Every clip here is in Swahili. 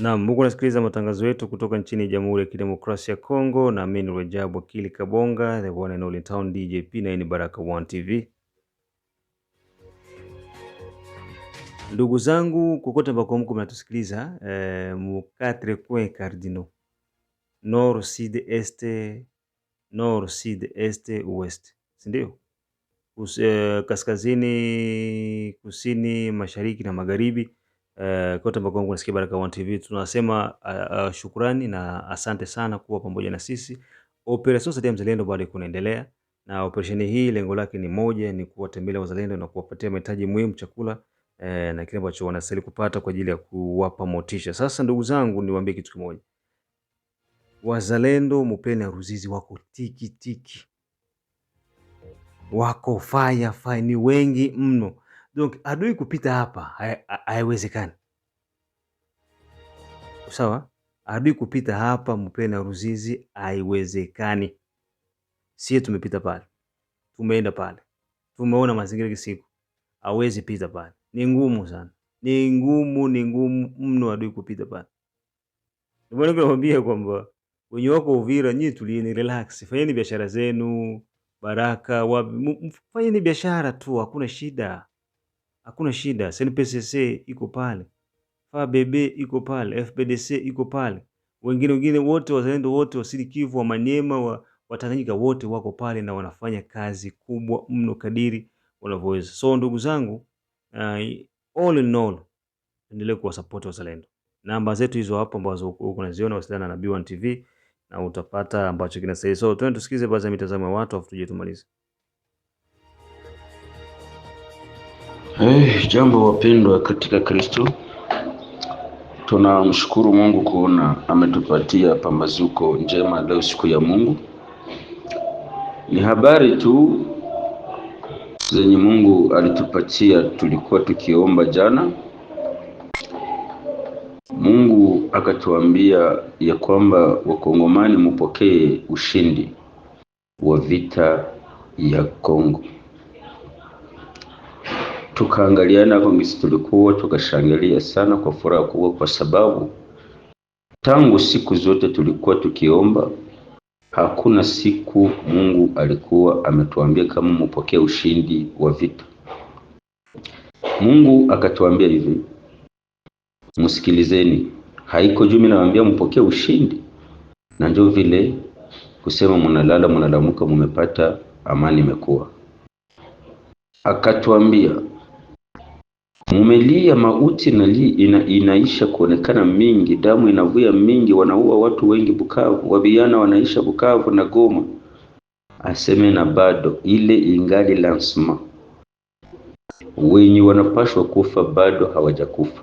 Naam, huko nasikiliza matangazo yetu kutoka nchini Jamhuri ya Kidemokrasia ya Kongo na mimi ni Rajabu Akili Kabonga, the one and only town DJP na hii ni Baraka One TV. Ndugu zangu kokote ambako mko mnatusikiliza, eh, mu quatre coins cardinaux. Nord, sud, est, nord, sud, est, ouest. Si ndio? Kus, eh, kaskazini, kusini, mashariki na magharibi Eh, kote ambako wangu nasikia Baraka One TV tunasema uh, uh, shukrani na asante sana kuwa pamoja na sisi. Operation Saidia Mzalendo bado kunaendelea, na operesheni hii lengo lake ni moja, ni kuwatembelea wazalendo na kuwapatia mahitaji muhimu, chakula eh, na kile ambacho wanastahili kupata kwa ajili ya kuwapa motisha. Sasa ndugu zangu, niwaambie kitu kimoja, wazalendo mupeni Ruzizi wako tiki tiki. Wako faya faya, ni wengi mno Donc adui kupita hapa haiwezekani. Sawa? Adui kupita hapa mpena Ruzizi haiwezekani. Sie tumepita pale, tumeenda pale, tumeona mazingira kisiku, hawezi pita pale. Ni ngumu sana, ni ngumu, ni ngumu mno adui kupita pale. Ndio maana kwamba wenye wako Uvira, nyinyi tulieni, relax, fanyeni biashara zenu. Baraka, wapi, fanyeni biashara tu, hakuna shida hakuna shida. SNPCC iko pale, FABB iko pale, FPDC iko pale, wengine wengine wote, wazalendo wote, Wasidi Kivu, wa Manyema, wa Watanganyika wote wako pale na wanafanya kazi kubwa mno kadiri wanavyoweza. So ndugu zangu, uh, all in all endelee kuwasapoti wazalendo. Namba zetu hizo hapo ambazo uko naziona, wasiliana na B1 TV na utapata ambacho kinastahili. So twende tusikize baadhi ya mitazamo ya watu afu tuje tumalize. Hey, eh, jambo wapendwa katika Kristo, tunamshukuru Mungu kuona ametupatia pambazuko njema leo, siku ya Mungu. Ni habari tu zenye Mungu alitupatia, tulikuwa tukiomba jana, Mungu akatuambia ya kwamba wakongomani mupokee ushindi wa vita ya Kongo tukaangaliana kwa gisi tulikuwa tukashangilia sana kwa furaha kubwa, kwa sababu tangu siku zote tulikuwa tukiomba. Hakuna siku Mungu alikuwa ametuambia kama mupokee ushindi wa vita. Mungu akatuambia hivi, msikilizeni, haiko juu minawaambia mpokee ushindi, na ndio vile kusema munalala munalamuka, mumepata amani imekuwa. Akatuambia mumelia mauti na li ina, inaisha kuonekana mingi, damu inavuya mingi, wanaua watu wengi Bukavu, wabiana wanaisha Bukavu na Goma, aseme na bado ile ingali lansma, wenye wanapashwa kufa bado hawajakufa.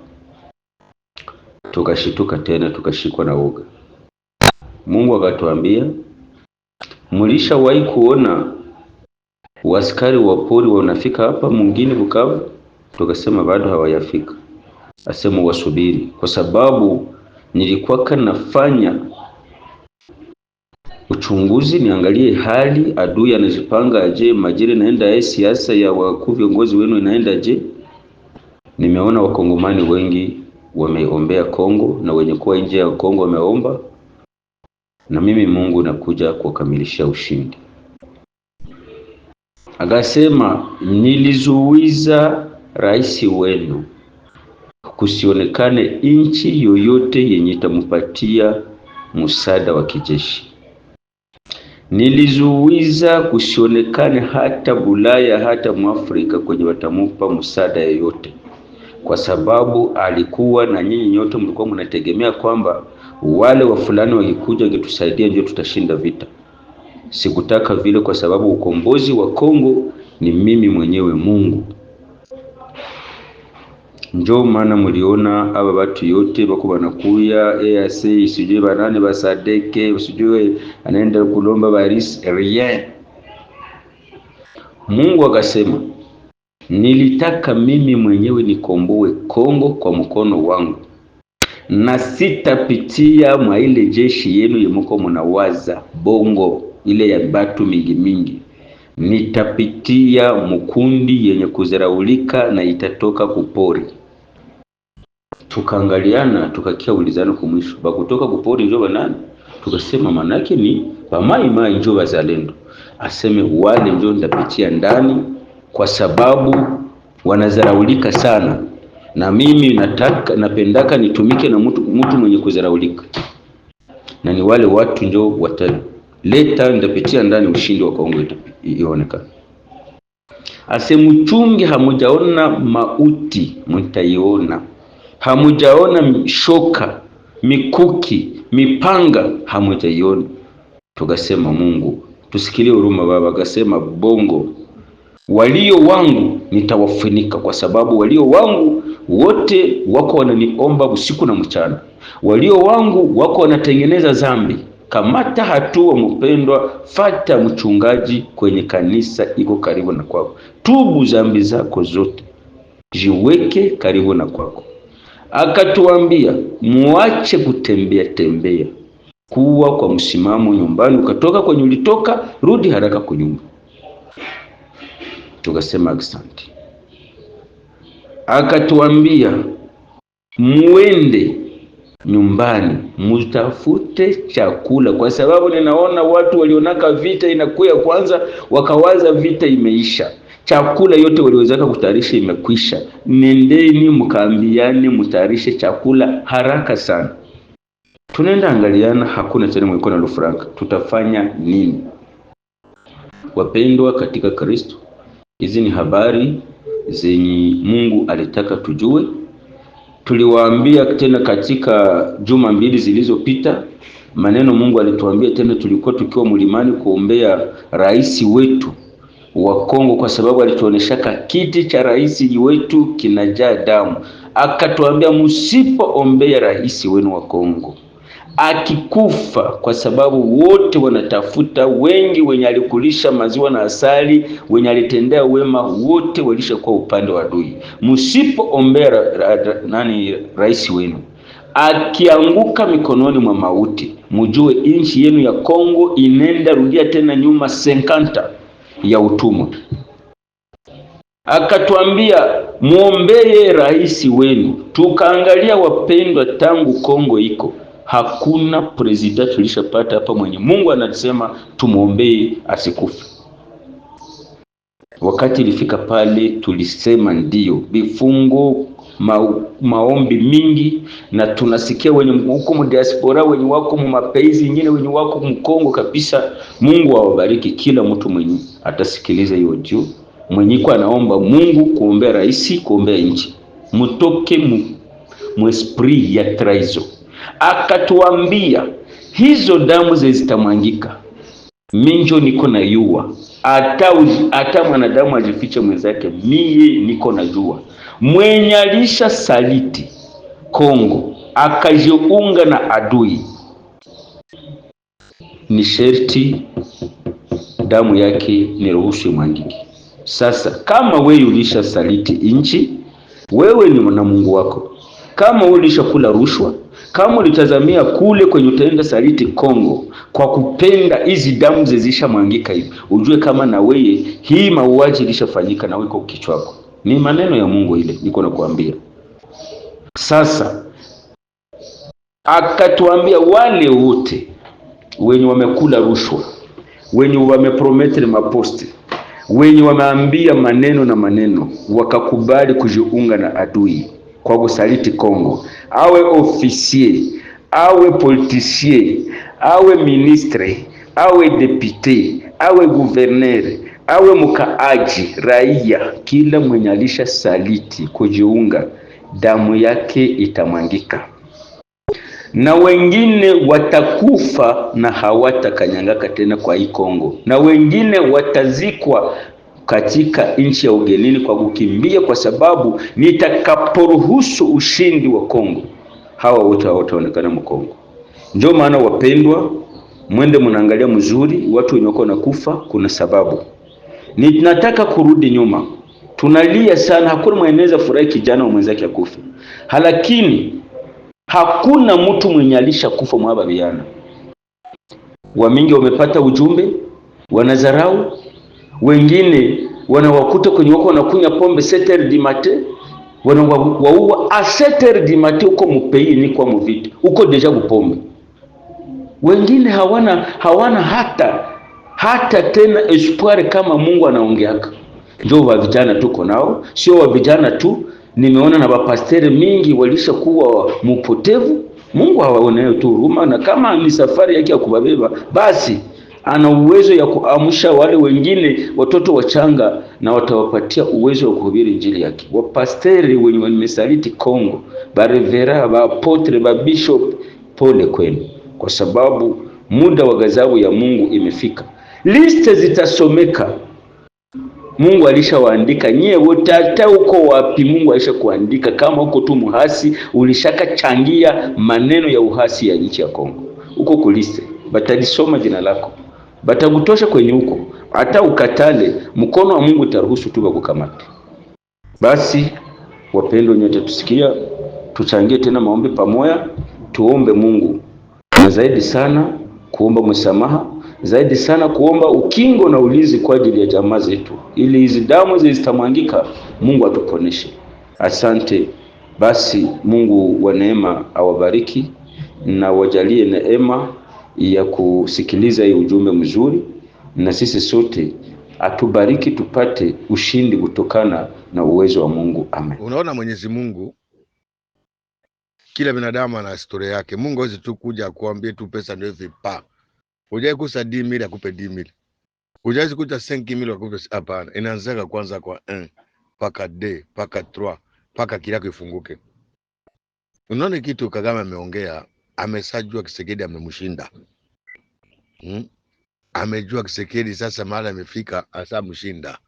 Tukashituka tena tukashikwa na uga. Mungu akatuambia, mulishawahi kuona waskari wa pori wanafika hapa mwingine Bukavu? tukasema bado hawayafika Asema wasubiri, kwa sababu nilikuwa nafanya uchunguzi niangalie hali adui anazipanga aje, majira naenda ye, siasa ya wakuu viongozi wenu inaenda je. Nimeona wakongomani wengi wameombea Kongo na wenye kuwa nje ya Kongo wameomba, na mimi Mungu nakuja kuwakamilisha ushindi. Akasema nilizuiza rais wenu kusionekane nchi yoyote yenye itampatia msaada wa kijeshi. Nilizuiza kusionekane hata Bulaya hata Mwafrika kwenye watamupa msaada yoyote kwa sababu alikuwa na nyinyi nyote mlikuwa mnategemea kwamba wale wa fulani wakikuja wangetusaidia ndio tutashinda vita. Sikutaka vile, kwa sababu ukombozi wa Kongo ni mimi mwenyewe Mungu njo maana muliona aba batu yote bako banakuya EAC sijui banani basadeke sijue anaenda kulomba baris rien. Mungu akasema nilitaka mimi mwenyewe nikomboe Kongo kwa mkono wangu, na sitapitia mwa ile jeshi yenu yemuko munawaza bongo ile ya batu mingi mingi nitapitia mkundi yenye kuzaraulika na itatoka kupori tukaangaliana ulizano kumwisho bakutoka kupori njo banani tukasema manake ni mai njo bazalendo aseme wale njo ndapitia ndani kwa sababu wanazaraulika sana na mimi nataka napendaka nitumike na mtu, mtu mwenye kuzaraulika na ni wale watu njo wataleta ndapitia ndani ushindi wa Kongo ionekana. asemuchungi hamujaona mauti mtaiona hamujaona shoka, mikuki, mipanga hamujaiona. Tukasema Mungu tusikilie huruma Baba. Akasema bongo, walio wangu nitawafunika, kwa sababu walio wangu wote wako wananiomba usiku na mchana, walio wangu wako wanatengeneza zambi. Kamata hatua mpendwa, fata mchungaji kwenye kanisa iko karibu na kwako, tubu zambi zako zote, jiweke karibu na kwako akatuambia muache kutembea tembea, kuwa kwa msimamo nyumbani, ukatoka kwenye ulitoka, rudi haraka kwa nyumba. Tukasema asante. Akatuambia muende nyumbani mutafute chakula, kwa sababu ninaona watu walionaka vita inakuya kwanza, wakawaza vita imeisha. Chakula yote waliwezaka kutayarisha imekwisha. Nendeni mkaambiane, mtayarishe chakula haraka sana. Tunaenda angaliana, hakuna tena mwiko na lufranka. Tutafanya nini? Wapendwa katika Kristo, hizi ni habari zenye Mungu alitaka tujue. Tuliwaambia tena katika juma mbili zilizopita maneno Mungu alituambia tena, tulikuwa tukiwa mlimani kuombea rais wetu wa Kongo kwa sababu alituoneshaka kiti cha rais wetu kinajaa damu, akatuambia msipoombea rais wenu wa Kongo akikufa, kwa sababu wote wanatafuta, wengi wenye alikulisha maziwa na asali, wenye alitendea wema, wote walishakuwa upande wa adui. Msipoombea ra, ra, ra, nani rais wenu akianguka mikononi mwa mauti, mujue nchi yenu ya Kongo inenda rudia tena nyuma senkanta ya utumwa. Akatwambia muombeye rais wenu. Tukaangalia wapendwa, tangu Kongo iko hakuna presida tulishapata hapa mwenye Mungu anasema tumuombee asikufe. Wakati ilifika pale, tulisema ndio vifungo ma, maombi mingi, na tunasikia wenye huko mu diaspora wenye wako mu mapaizi nyingine wenye wako mkongo kabisa. Mungu awabariki kila mtu mwenye atasikiliza hiyo juu mwenyiko anaomba Mungu kuombea rais, kuombea nchi, mtoke mu, mu esprit ya traizo. Akatuambia hizo damu ze zitamwangika minjo, niko na yua hata hata mwanadamu ajifiche mwenzake, mie niko na jua. Mwenye alisha saliti Kongo akajiunga na adui ni sherti damu yake ni ruhusu imwagike. Sasa kama wewe ulisha saliti nchi, wewe ni mwana Mungu wako, kama wewe kula rushwa, kama ulitazamia kule kwenye utaenda saliti Kongo kwa kupenda hizi damu zezisha mwangika hivi, ujue kama na wewe hii mauaji ilishafanyika na wewe kwa Ni maneno ya Mungu ile niko nakuambia. Sasa akatuambia wale wote wenye wamekula rushwa wenye wamepromete maposti, wenye wameambia maneno na maneno, wakakubali kujiunga na adui kwa kusaliti Kongo, awe ofisier, awe politisie, awe ministre, awe depute, awe guverner, awe mkaaji, raia, kila mwenye alisha saliti kujiunga, damu yake itamwangika na wengine watakufa na hawatakanyangaka tena kwa hii Kongo, na wengine watazikwa katika nchi ya ugenini kwa kukimbia, kwa sababu nitakaporuhusu ushindi wa Kongo hawa wote hawataonekana mkongo. Ndio maana wapendwa, mwende mnaangalia mzuri, watu wenye wako nakufa kuna sababu. Ninataka kurudi nyuma, tunalia sana, hakuna mwenyeza furahi kijana wa mwenzake akufa lakini Hakuna mtu mwenye alisha kufa mwaba vijana wamingi wamepata ujumbe, wanazarau wengine, wanawakuta kwenye wako wanakunya pombe seter di mate, wanawaua a seter di mate uko mupei ni kwa muviti uko deja kupombe. Wengine hawana hawana hata hata tena espoir kama Mungu anaongeaka. njoo wa vijana tuko nao, sio wa vijana tu nimeona na bapasteri mingi walishakuwa mupotevu. Mungu hawaonee tu huruma, na kama ni safari yake ya kubabeba basi ana uwezo ya kuamsha wale wengine watoto wachanga, na watawapatia uwezo wa kuhubiri injili yake. Wapasteri wenye wamesaliti Kongo, barevera, bapotre, babishop, pole kwenu, kwa sababu muda wa ghadhabu ya Mungu imefika. Liste zitasomeka Mungu alishawaandika nyie wote, hata uko wapi, Mungu alishakuandika. Kama uko tu muhasi, ulishakachangia maneno ya uhasi ya nchi ya Kongo. Uko kulise, batalisoma jina lako, batakutosha kwenye huko, hata ukatale, mkono wa Mungu utaruhusu tu bakukamate. Basi wapendwa, nyote tusikia, tuchangie tena maombi pamoja, tuombe Mungu na zaidi sana kuomba msamaha zaidi sana kuomba ukingo na ulinzi kwa ajili ya jamaa zetu, ili hizi damu zisitamwangika. Mungu atuponeshe. Asante basi, Mungu wa neema awabariki na wajalie neema ya kusikiliza hii ujumbe mzuri, na sisi sote atubariki tupate ushindi kutokana na uwezo wa Mungu. Amen. Unaona, Mwenyezi Mungu, kila binadamu ana historia yake. Mungu hawezi tu kuja akuambie tu pesa ndio vipa Ujai kusa di mili akupe di mili, ujai kuta senki mili akupe. Hapana, inaanzaka kwanza kwa en, eh, paka de, paka trois paka kila kifunguke. Unaona kitu Kagame ameongea, amesajua Kisekedi amemshinda hmm? Amejua Kisekedi sasa mahali amefika, asa mushinda.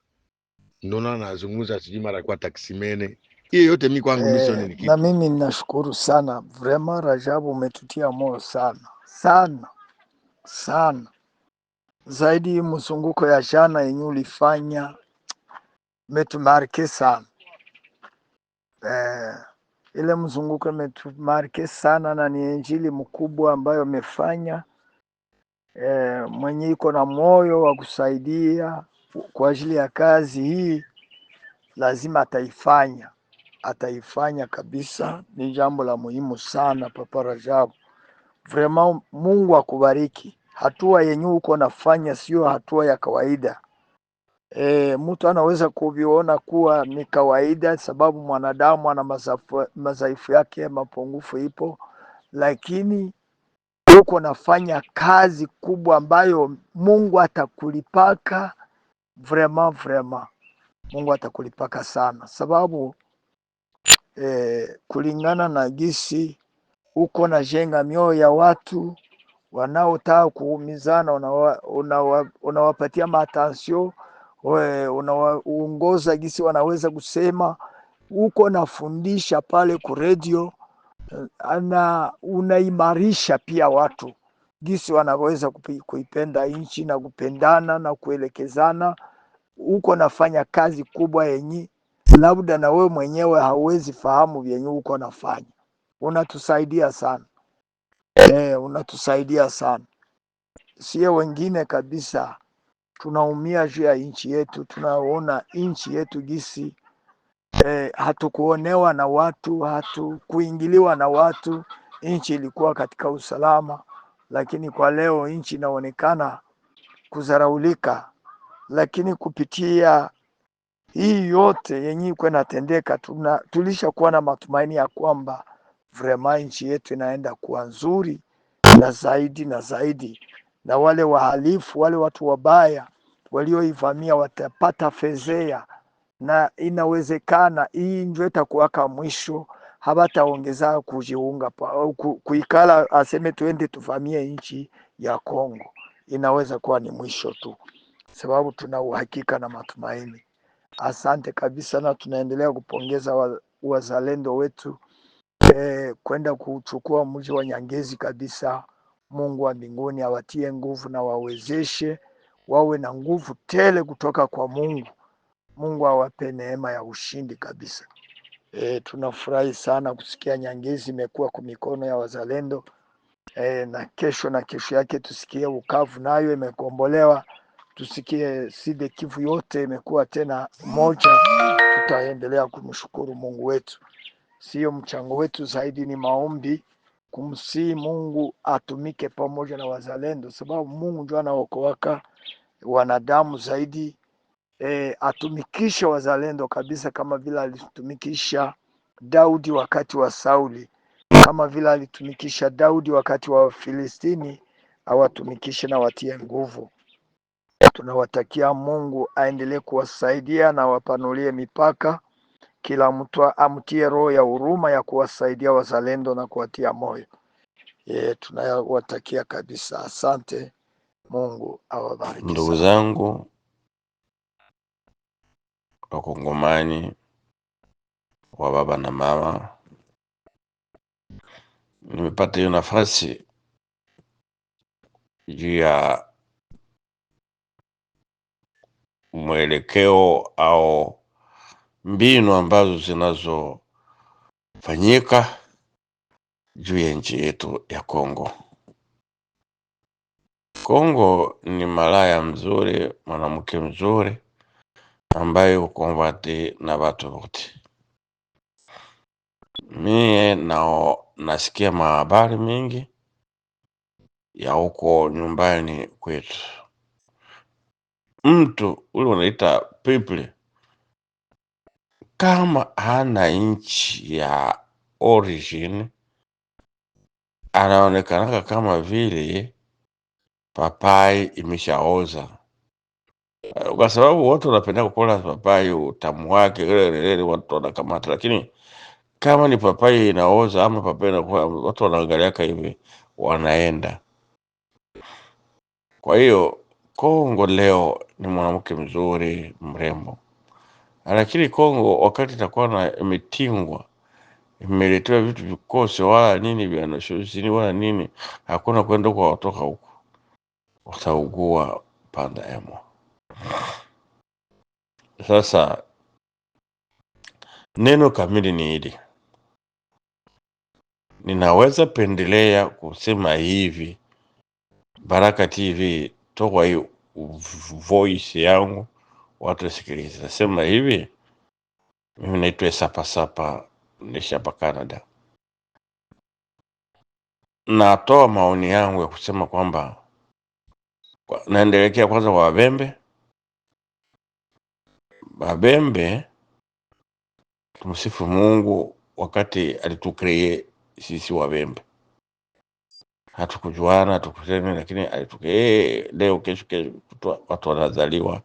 Ndona na nazungumza, sijui mara kwa taksimene hiyo yote mi kwangu eh, na mimi ninashukuru sana vrema Rajabu, umetutia moyo sana sana sana zaidi mzunguko ya jana yenye ulifanya metumarke sana eh, ile mzunguko metumarke sana na ni injili mkubwa ambayo amefanya eh, mwenye iko na moyo wa kusaidia kwa ajili ya kazi hii lazima ataifanya, ataifanya kabisa. Ni jambo la muhimu sana, Papa Rajabu vrema Mungu akubariki. Hatua yenye uko nafanya sio hatua ya kawaida. E, mtu anaweza kuviona kuwa ni kawaida, sababu mwanadamu ana madhaifu yake, mapungufu ipo, lakini uko nafanya kazi kubwa ambayo Mungu atakulipaka vrema vrema, Mungu atakulipaka sana, sababu e, kulingana na gisi uko najenga mioyo ya watu wanaotaka kuumizana, unawapatia una, una matansio unawaongoza gisi wanaweza kusema, uko nafundisha pale ku redio eh, na unaimarisha pia watu gisi wanaweza kuipenda nchi na kupendana na kuelekezana. Uko nafanya kazi kubwa yenye labda na wewe mwenyewe hauwezi fahamu vyenye uko nafanya unatusaidia sana e, unatusaidia sana sio wengine kabisa. Tunaumia juu ya nchi yetu, tunaona nchi yetu gisi e, hatukuonewa na watu, hatukuingiliwa na watu, nchi ilikuwa katika usalama, lakini kwa leo nchi inaonekana kuzaraulika, lakini kupitia hii yote yenye iko inatendeka, tulishakuwa na matumaini ya kwamba vrema nchi yetu inaenda kuwa nzuri na zaidi na zaidi, na wale wahalifu wale watu wabaya walioivamia watapata fezea, na inawezekana hii njo itakuwaka mwisho, hawataongeza kujiunga kuikala, aseme tuende tuvamie nchi ya Kongo. Inaweza kuwa ni mwisho tu, sababu tuna uhakika na matumaini. Asante kabisa, na tunaendelea kupongeza wazalendo wetu eh, kwenda kuchukua mji wa Nyangezi kabisa. Mungu wa mbinguni awatie nguvu na wawezeshe, wawe na nguvu tele kutoka kwa Mungu. Mungu awape neema ya ushindi kabisa. E, tunafurahi sana kusikia Nyangezi imekuwa kwa mikono ya wazalendo e, na kesho na kesho yake tusikie Ukavu nayo imekombolewa, tusikie Sud Kivu yote imekuwa tena moja. Tutaendelea kumshukuru Mungu wetu. Sio mchango wetu, zaidi ni maombi, kumsii Mungu atumike pamoja na wazalendo, sababu Mungu ndio anaokoaka wanadamu zaidi. E, atumikishe wazalendo kabisa, kama vile alitumikisha Daudi wakati wa Sauli, kama vile alitumikisha Daudi wakati wa Filistini, awatumikishe na watie nguvu. Tunawatakia Mungu aendelee kuwasaidia na wapanulie mipaka kila mtu amtie roho ya huruma ya kuwasaidia wazalendo na kuwatia moyo. E, tunawatakia kabisa. Asante, Mungu awabariki. Ndugu zangu Wakongomani wa baba na mama, nimepata hiyo nafasi juu ya mwelekeo au mbinu ambazo zinazofanyika juu ya nchi yetu ya Kongo. Kongo ni malaya mzuri, mwanamke mzuri ambaye ukomvati na watu wote. Mie nao nasikia mahabari mingi ya huko nyumbani kwetu, mtu ule unaita people kama hana nchi ya origin, anaonekanaka kama vile papai imeshaoza, eh, kwa sababu watu wanapenda kukula papai utamu wake lelelele, watu wanakamata. Lakini kama ni papai inaoza ama papai inakuwa, watu wanaangaliaka hivi, wanaenda. Kwa hiyo Kongo leo ni mwanamke mzuri mrembo. Lakini Kongo wakati itakuwa na imetingwa imeletewa vitu vikose wala nini vya wala nini, hakuna kwenda kwa watoka huko, wataugua panda emo. Sasa neno kamili ni hili, ninaweza pendelea kusema hivi, Baraka TV toka hii voice yangu watu wasikilize. hivi, mimi naitwa Esapasapa, naishi hapa Canada. Natoa maoni yangu ya kusema kwamba naendelekea kwanza kwa Wabembe. Wabembe tumsifu Mungu, wakati alitukree sisi Wabembe hatukujuana, hatukuseme, lakini alitukee leo, kesho kesho watu wanazaliwa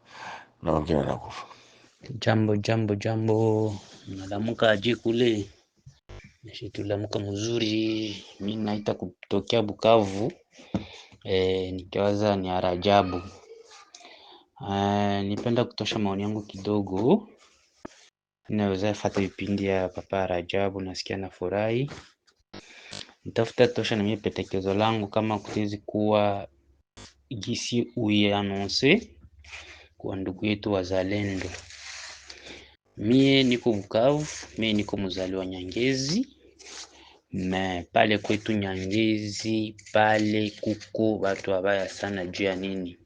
na wengine wanakufa. Jambo jambo jambo, nalamuka aje kule nashitulamuka mzuri. Mi naita kutokea Bukavu e, nikiwaza ni arajabu e, nipenda kutosha maoni yangu kidogo naweza fata vipindi ya Papa Rajabu, nasikia na furahi. Nitafuta tosha na mimi petekezo langu kama kutezi kuwa gisi uyanonse kwa ndugu yetu wazalendo. Mie niko Bukavu, mie niko wa Nyangezi na pale kwetu Nyangezi pale kuko watu wabaya sana, juu ya nini?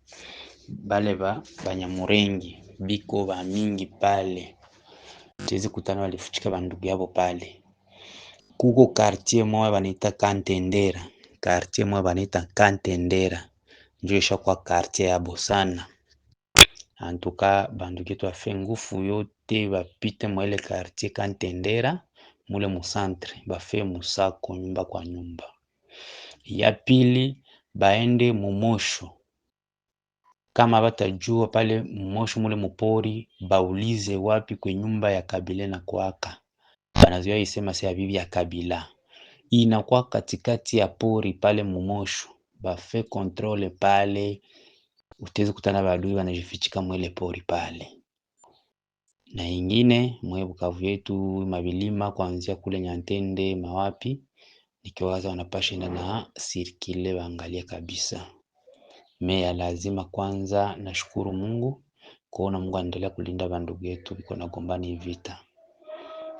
Bale ba Banyamurengi biko ba mingi pale, tezi kutana walifuchika bandugu yabo pale. Kuko kartie moya banaita Kantendera, kartie moya banaita Kantendera, njo ishakuwa kartie yabo sana antuka banduketu afe ngufu yote bapite mwele kartier kantendera mule musantre bafe musako nyumba kwa nyumba. Ya pili baende mumosho, kama batajua pale mumosho mule mupori, baulize wapi kwe nyumba ya Kabila na kwaka banazoea isema se ya bibi ya Kabila inakuwa katikati ya pori pale mumosho, bafe kontrole pale utaweza kutana badui wanajifichika mwele pori pale na ingine mwe Bukavu yetu mabilima kuanzia kule Nyantende mawapi, nikiwaza wanapasha enda na sirikile waangalia kabisa meya. Lazima kwanza nashukuru Mungu kuona Mungu anaendelea kulinda bandugu yetu iko na gombani vita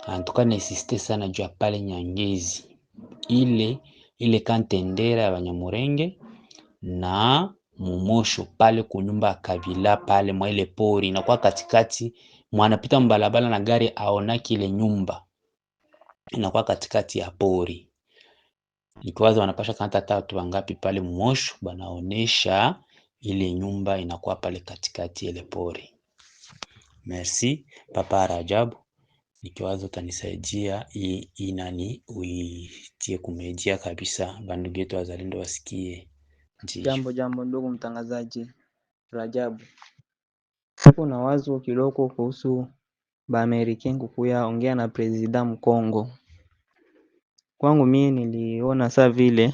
antuka nesiste sana juu ya pale Nyangezi ile ile kantendera ya Banyamurenge na mumosho pale kunyumba kabila pale mwa ile pori, inakuwa katikati mwanapita mbalabala na gari aonaki ile nyumba inakuwa katikati ya pori. Nikiwaza wanapasha kanta tatu wangapi pale mumosho, banaonesha ile nyumba inakuwa pale katikati ile pori. Merci Papa Rajabu, nikiwaza utanisaidia hii nani uitie kumejia kabisa, bandugu yetu wazalendo wasikie. Jambo jambo ndugu mtangazaji Rajabu, tuko na wazo kidogo kuhusu kukuya ongea na presida Mkongo. Kwangu mie niliona saa vile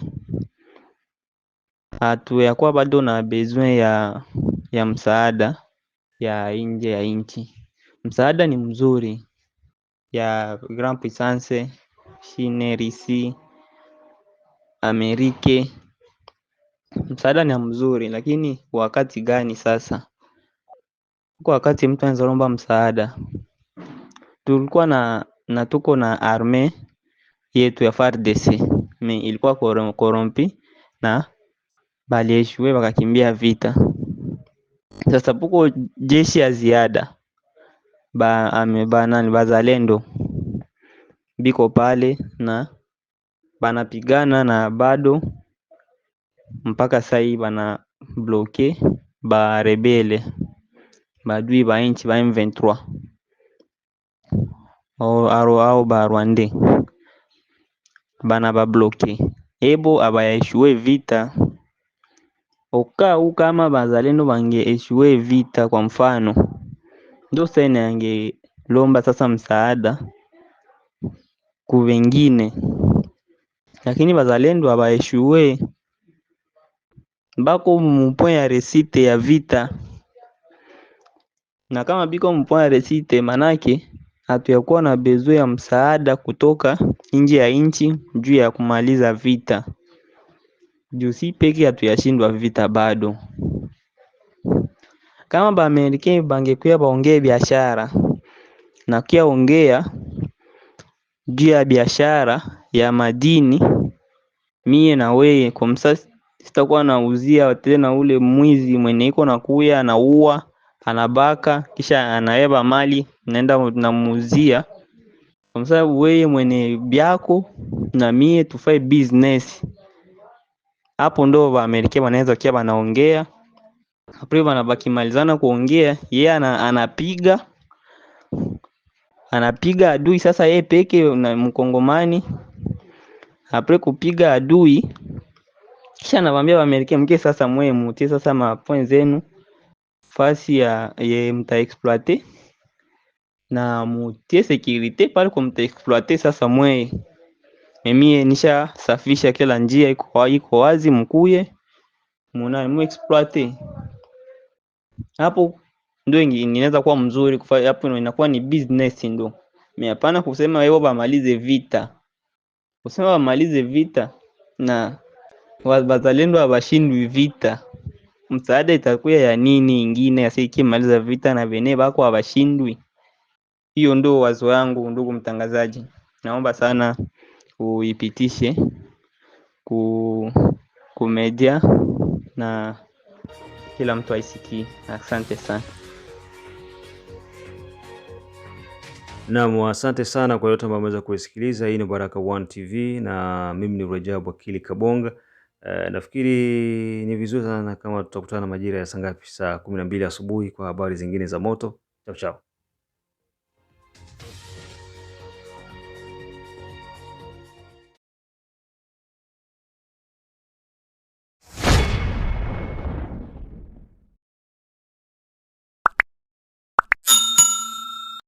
hatuyakuwa bado na bezwe ya ya msaada ya nje ya nchi. Msaada ni mzuri ya grand puissance Chine, Risi, Amerike msaada ni mzuri lakini wakati gani sasa? kwa wakati mtu anaweza msaada. Tulikuwa na na tuko na arme yetu ya FARDC ilikuwa korompi na balieshue wakakimbia vita. Sasa puko jeshi ya ziada ba ame banani bazalendo biko pale na banapigana na bado mpaka sai bana bloke ba rebele badui ba inchi ba M23 au ba Rwandais bana ba bloke ebo abayeshue vita okau kama bazalendo bange eshue vita, kwa mfano ndo sene yangelomba sasa msaada kuvengine lakini bazalendo abaeshue bako mupwin ya resite ya vita, na kama biko mupwin ya resite, manake hatuyakuwa na bezo ya msaada kutoka nje ya nchi juu ya kumaliza vita, juu si peke hatuyashindwa vita bado. Kama baamerikani bangekuya baongee biashara na kia ongea juu ya biashara ya madini, mie na weye kwa msasi sitakuwa nauzia tena ule mwizi mwenye iko nakuya anaua anabaka kisha anaeba mali naenda namuuzia kwa sababu weye mwenye byako na mie tufae business hapo ndo Waamerika wanaweza kia wanaongea apre wanabaki malizana kuongea yeye ana, anapiga anapiga adui sasa yeye peke na mkongomani apre kupiga adui kisha anawaambia Waamerika, mke sasa mwe mutie sasa mapoin zenu fasi ya ye mtaexploite na mutie securite pale kwa mtaexploite. Sasa mwe mie nisha safisha kila njia iko iko wazi, mkuye muna mu exploite hapo, ndio inaweza kuwa mzuri kufa, hapo inakuwa ni business ndo mimi. Hapana kusema wao wamalize vita, kusema wamalize vita na wazalendo hawashindwi vita, msaada itakuya ya nini ingine asikimaliza vita na vene bako hawashindwi? Hiyo ndio wazo yangu, ndugu mtangazaji, naomba sana uipitishe ku kumedia na kila mtu aisikii. Asante sana. Naam, asante sana kwa yote ambayo ameweza kuisikiliza. Hii ni Baraka One TV na mimi ni Rajabu Akili Kabonga. Eh, nafikiri ni vizuri sana kama tutakutana majira ya saa ngapi? Saa kumi na mbili asubuhi kwa habari zingine za moto. Chao chao.